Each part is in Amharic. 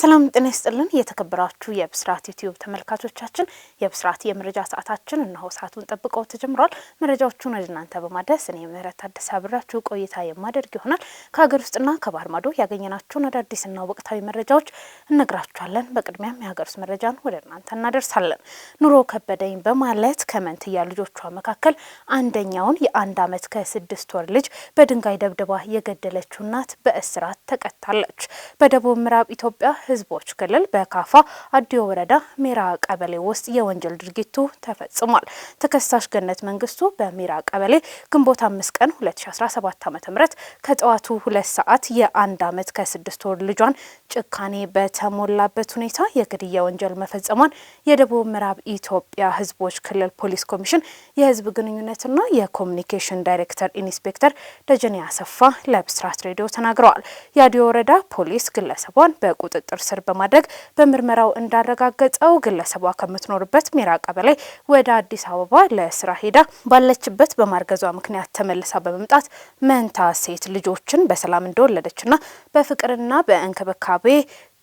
ሰላም ጤና ይስጥልን። የተከበራችሁ የብስራት ዩቲዩብ ተመልካቾቻችን የብስራት የመረጃ ሰዓታችን እነሆ ሰዓቱን ጠብቆ ተጀምሯል። መረጃዎቹን ወደ እናንተ በማድረስ እኔ ምህረት አዲስ አብራችሁ ቆይታ የማደርግ ይሆናል። ከሀገር ውስጥና ከባህር ማዶ ያገኘናቸውን አዳዲስና ወቅታዊ መረጃዎች እነግራችኋለን። በቅድሚያም የሀገር ውስጥ መረጃን ወደ እናንተ እናደርሳለን። ኑሮ ከበደኝ በማለት ከመንትያ ልጆቿ መካከል አንደኛውን የአንድ ዓመት ከስድስት ወር ልጅ በድንጋይ ደብድባ የገደለችው እናት በእስራት ተቀጣለች። በደቡብ ምዕራብ ኢትዮጵያ ህዝቦች ክልል በካፋ አዲዮ ወረዳ ሜራ ቀበሌ ውስጥ የወንጀል ድርጊቱ ተፈጽሟል። ተከሳሽ ገነት መንግስቱ በሜራ ቀበሌ ግንቦት አምስት ቀን 2017 ዓ ም ከጠዋቱ ሁለት ሰዓት የአንድ ዓመት ከስድስት ወር ልጇን ጭካኔ በተሞላበት ሁኔታ የግድያ ወንጀል መፈጸሟን የደቡብ ምዕራብ ኢትዮጵያ ህዝቦች ክልል ፖሊስ ኮሚሽን የህዝብ ግንኙነትና የኮሚኒኬሽን ዳይሬክተር ኢንስፔክተር ደጀኔ አሰፋ ለብስራት ሬዲዮ ተናግረዋል። የአዲዮ ወረዳ ፖሊስ ግለሰቧን በቁጥጥር ቁጥጥር ስር በማድረግ በምርመራው እንዳረጋገጠው ግለሰቧ ከምትኖርበት ሜራ ቀበሌ ወደ አዲስ አበባ ለስራ ሄዳ ባለችበት በማርገዟ ምክንያት ተመልሳ በመምጣት መንታ ሴት ልጆችን በሰላም እንደወለደችና በፍቅርና በእንክብካቤ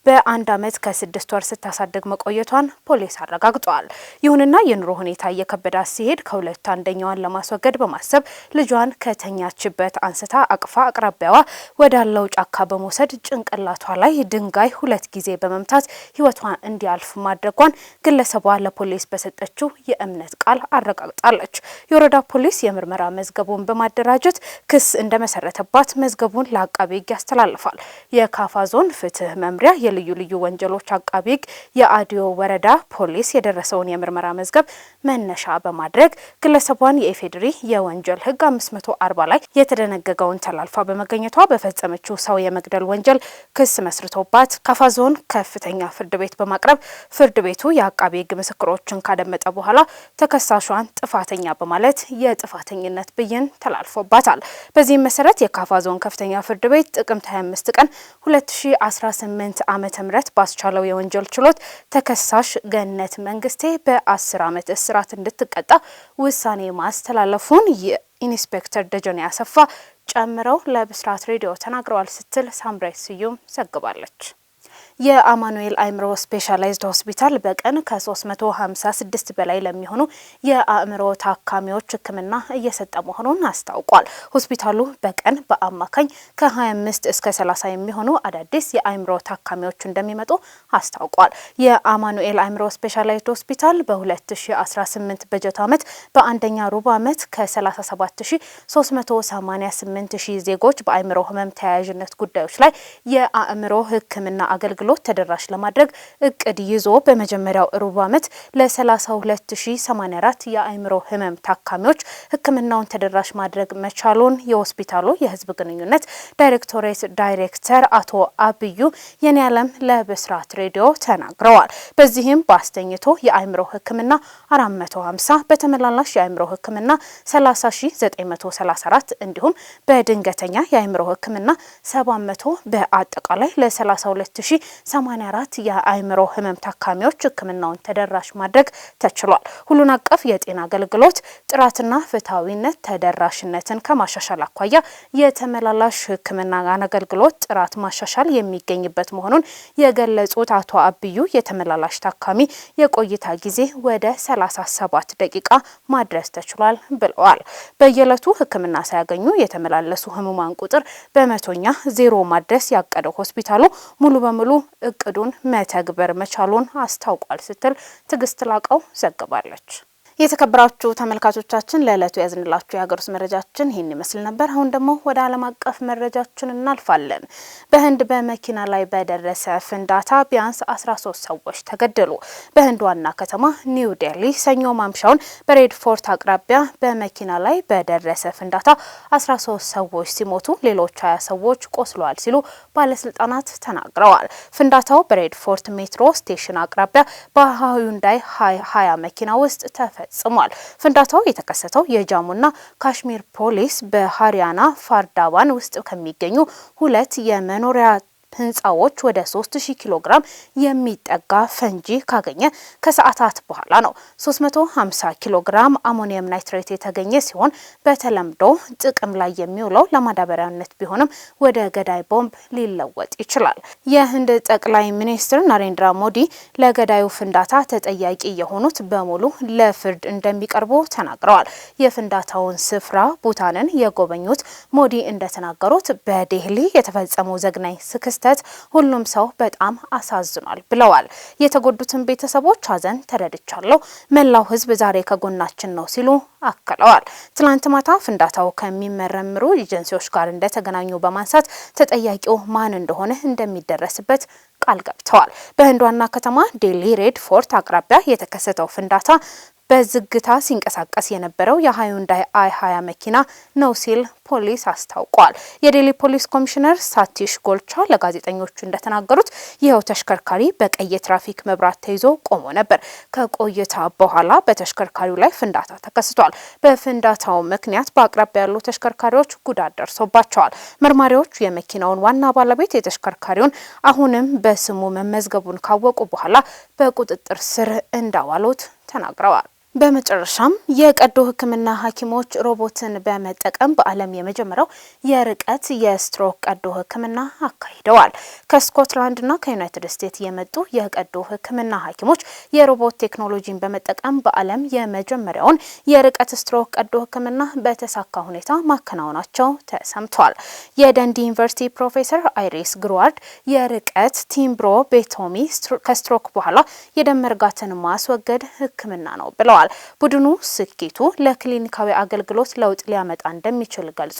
በአንድ ዓመት ከስድስት ወር ስታሳድግ መቆየቷን ፖሊስ አረጋግጧል። ይሁንና የኑሮ ሁኔታ እየከበዳት ሲሄድ ከሁለት አንደኛዋን ለማስወገድ በማሰብ ልጇን ከተኛችበት አንስታ አቅፋ አቅራቢያዋ ወዳለው ጫካ በመውሰድ ጭንቅላቷ ላይ ድንጋይ ሁለት ጊዜ በመምታት ሕይወቷን እንዲያልፍ ማድረጓን ግለሰቧ ለፖሊስ በሰጠችው የእምነት ቃል አረጋግጣለች። የወረዳ ፖሊስ የምርመራ መዝገቡን በማደራጀት ክስ እንደመሰረተባት መዝገቡን ለአቃቤ ሕግ ያስተላልፋል። የካፋ ዞን ፍትህ መምሪያ ልዩ ልዩ ወንጀሎች አቃቢ ሕግ የአዲዮ ወረዳ ፖሊስ የደረሰውን የምርመራ መዝገብ መነሻ በማድረግ ግለሰቧን የኢፌዴሪ የወንጀል ሕግ 540 ላይ የተደነገገውን ተላልፋ በመገኘቷ በፈጸመችው ሰው የመግደል ወንጀል ክስ መስርቶባት ካፋዞን ዞን ከፍተኛ ፍርድ ቤት በማቅረብ ፍርድ ቤቱ የአቃቢ ሕግ ምስክሮችን ካደመጠ በኋላ ተከሳሿን ጥፋተኛ በማለት የጥፋተኝነት ብይን ተላልፎባታል። በዚህም መሰረት የካፋ ዞን ከፍተኛ ፍርድ ቤት ጥቅምት 25 ቀን 2018 ዓ ምህረት ባስቻለው የወንጀል ችሎት ተከሳሽ ገነት መንግስቴ በ10 ዓመት እስራት እንድትቀጣ ውሳኔ ማስተላለፉን የኢንስፔክተር ደጀኔ አሰፋ ጨምረው ለብስራት ሬዲዮ ተናግረዋል ስትል ሳምራይ ስዩም ዘግባለች። የአማኑኤል አእምሮ ስፔሻላይዝድ ሆስፒታል በቀን ከ356 በላይ ለሚሆኑ የአእምሮ ታካሚዎች ሕክምና እየሰጠ መሆኑን አስታውቋል። ሆስፒታሉ በቀን በአማካኝ ከ25 እስከ 30 የሚሆኑ አዳዲስ የአእምሮ ታካሚዎች እንደሚመጡ አስታውቋል። የአማኑኤል አእምሮ ስፔሻላይዝድ ሆስፒታል በ2018 በጀት ዓመት በአንደኛ ሩብ ዓመት ከ37388 ሺህ ዜጎች በአእምሮ ህመም ተያያዥነት ጉዳዮች ላይ የአእምሮ ሕክምና አገልግሎት አገልግሎት ተደራሽ ለማድረግ እቅድ ይዞ በመጀመሪያው ሩብ ዓመት ለ32084 የአእምሮ ህመም ታካሚዎች ህክምናውን ተደራሽ ማድረግ መቻሉን የሆስፒታሉ የህዝብ ግንኙነት ዳይሬክቶሬት ዳይሬክተር አቶ አብዩ የኔዓለም ለብስራት ሬዲዮ ተናግረዋል። በዚህም በአስተኝቶ የአእምሮ ህክምና 450 በተመላላሽ የአእምሮ ህክምና 30934 እንዲሁም በድንገተኛ የአእምሮ ህክምና 700 በአጠቃላይ ለ32000 84 የአእምሮ ህመም ታካሚዎች ህክምናውን ተደራሽ ማድረግ ተችሏል። ሁሉን አቀፍ የጤና አገልግሎት ጥራትና ፍትሐዊነት ተደራሽነትን ከማሻሻል አኳያ የተመላላሽ ህክምና አገልግሎት ጥራት ማሻሻል የሚገኝበት መሆኑን የገለጹት አቶ አብዩ የተመላላሽ ታካሚ የቆይታ ጊዜ ወደ 37 ደቂቃ ማድረስ ተችሏል ብለዋል። በየዕለቱ ሕክምና ሳያገኙ የተመላለሱ ህሙማን ቁጥር በመቶኛ ዜሮ ማድረስ ያቀደው ሆስፒታሉ ሙሉ በሙሉ እቅዱን መተግበር መቻሉን አስታውቋል ስትል ትዕግስት ላቀው ዘግባለች። የተከበራችሁ ተመልካቾቻችን ለዕለቱ ያዝንላችሁ የሀገር ውስጥ መረጃችን ይህን ይመስል ነበር። አሁን ደግሞ ወደ ዓለም አቀፍ መረጃችን እናልፋለን። በህንድ በመኪና ላይ በደረሰ ፍንዳታ ቢያንስ 13 ሰዎች ተገደሉ። በህንድ ዋና ከተማ ኒው ዴሊ ሰኞ ማምሻውን በሬድፎርት አቅራቢያ በመኪና ላይ በደረሰ ፍንዳታ 13 ሰዎች ሲሞቱ ሌሎች 20 ሰዎች ቆስለዋል ሲሉ ባለስልጣናት ተናግረዋል። ፍንዳታው በሬድፎርት ሜትሮ ስቴሽን አቅራቢያ በሃዩንዳይ 20 መኪና ውስጥ ተፈ ተፈጽሟል። ፍንዳታው የተከሰተው የጃሙና ካሽሚር ፖሊስ በሀሪያና ፋርዳዋን ውስጥ ከሚገኙ ሁለት የመኖሪያ ህንፃዎች ወደ 3000 ኪሎ ግራም የሚጠጋ ፈንጂ ካገኘ ከሰዓታት በኋላ ነው 350 ኪሎ ግራም አሞኒየም ናይትሬት የተገኘ ሲሆን በተለምዶ ጥቅም ላይ የሚውለው ለማዳበሪያነት ቢሆንም ወደ ገዳይ ቦምብ ሊለወጥ ይችላል። የህንድ ጠቅላይ ሚኒስትር ናሬንድራ ሞዲ ለገዳዩ ፍንዳታ ተጠያቂ የሆኑት በሙሉ ለፍርድ እንደሚቀርቡ ተናግረዋል። የፍንዳታውን ስፍራ ቡታንን የጎበኙት ሞዲ እንደተናገሩት በዴህሊ የተፈጸመው ዘግናኝ ስክስ ክስተት ሁሉም ሰው በጣም አሳዝኗል ብለዋል። የተጎዱትን ቤተሰቦች ሐዘን ተረድቻለሁ፣ መላው ሕዝብ ዛሬ ከጎናችን ነው ሲሉ አክለዋል። ትላንት ማታ ፍንዳታው ከሚመረምሩ ኤጀንሲዎች ጋር እንደተገናኙ በማንሳት ተጠያቂው ማን እንደሆነ እንደሚደረስበት ቃል ገብተዋል። በህንድ ዋና ከተማ ዴሊ ሬድ ፎርት አቅራቢያ የተከሰተው ፍንዳታ በዝግታ ሲንቀሳቀስ የነበረው የሃዩንዳይ አይ 20 መኪና ነው ሲል ፖሊስ አስታውቋል። የዴሊ ፖሊስ ኮሚሽነር ሳቲሽ ጎልቻ ለጋዜጠኞቹ እንደተናገሩት ይኸው ተሽከርካሪ በቀይ የትራፊክ መብራት ተይዞ ቆሞ ነበር። ከቆይታ በኋላ በተሽከርካሪው ላይ ፍንዳታ ተከስቷል። በፍንዳታው ምክንያት በአቅራቢያ ያሉ ተሽከርካሪዎች ጉዳት ደርሶባቸዋል። መርማሪዎች የመኪናውን ዋና ባለቤት የተሽከርካሪውን አሁንም በስሙ መመዝገቡን ካወቁ በኋላ በቁጥጥር ስር እንዳዋሉት ተናግረዋል። በመጨረሻም የቀዶ ሕክምና ሐኪሞች ሮቦትን በመጠቀም በዓለም የመጀመሪያው የርቀት የስትሮክ ቀዶ ሕክምና አካሂደዋል። ከስኮትላንድና ከዩናይትድ ስቴትስ የመጡ የቀዶ ሕክምና ሐኪሞች የሮቦት ቴክኖሎጂን በመጠቀም በዓለም የመጀመሪያውን የርቀት ስትሮክ ቀዶ ሕክምና በተሳካ ሁኔታ ማከናወናቸው ተሰምቷል። የደንዲ ዩኒቨርሲቲ ፕሮፌሰር አይሪስ ግሩዋርድ የርቀት ቲምብሮ ቤቶሚ ከስትሮክ በኋላ የደም መርጋትን ማስወገድ ሕክምና ነው ብለዋል። ገልጿል። ቡድኑ ስኬቱ ለክሊኒካዊ አገልግሎት ለውጥ ሊያመጣ እንደሚችል ገልጾ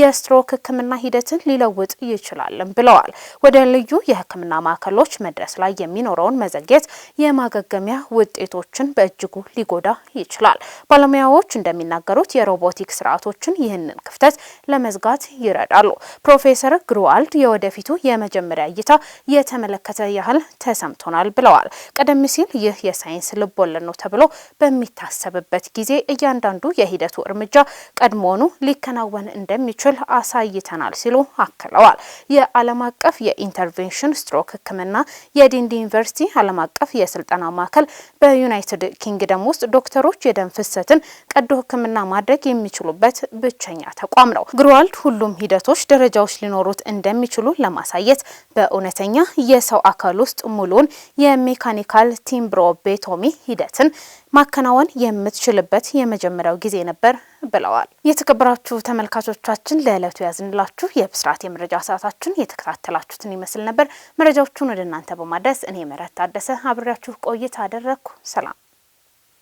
የስትሮክ ሕክምና ሂደትን ሊለውጥ ይችላልም ብለዋል። ወደ ልዩ የሕክምና ማዕከሎች መድረስ ላይ የሚኖረውን መዘግየት የማገገሚያ ውጤቶችን በእጅጉ ሊጎዳ ይችላል። ባለሙያዎች እንደሚናገሩት የሮቦቲክ ስርዓቶችን ይህንን ክፍተት ለመዝጋት ይረዳሉ። ፕሮፌሰር ግሩዋልድ የወደፊቱ የመጀመሪያ እይታ የተመለከተ ያህል ተሰምቶናል ብለዋል። ቀደም ሲል ይህ የሳይንስ ልብ ነው ተብሎ በሚ በሚታሰብበት ጊዜ እያንዳንዱ የሂደቱ እርምጃ ቀድሞውኑ ሊከናወን እንደሚችል አሳይተናል ሲሉ አክለዋል። የዓለም አቀፍ የኢንተርቬንሽን ስትሮክ ሕክምና የዲንዲ ዩኒቨርሲቲ ዓለም አቀፍ የስልጠና ማዕከል በዩናይትድ ኪንግደም ውስጥ ዶክተሮች የደም ፍሰትን ቀዶ ሕክምና ማድረግ የሚችሉበት ብቸኛ ተቋም ነው። ግሩዋልድ ሁሉም ሂደቶች ደረጃዎች ሊኖሩት እንደሚችሉ ለማሳየት በእውነተኛ የሰው አካል ውስጥ ሙሉውን የሜካኒካል ቲምብሮቤቶሚ ሂደትን ማከናወን የምትችልበት የመጀመሪያው ጊዜ ነበር ብለዋል። የተከበራችሁ ተመልካቾቻችን ለዕለቱ ያዝንላችሁ የብስራት የመረጃ ሰዓታችን የተከታተላችሁትን ይመስል ነበር። መረጃዎቹን ወደ እናንተ በማድረስ እኔ መረት ታደሰ አብሬያችሁ ቆይታ አደረግኩ። ሰላም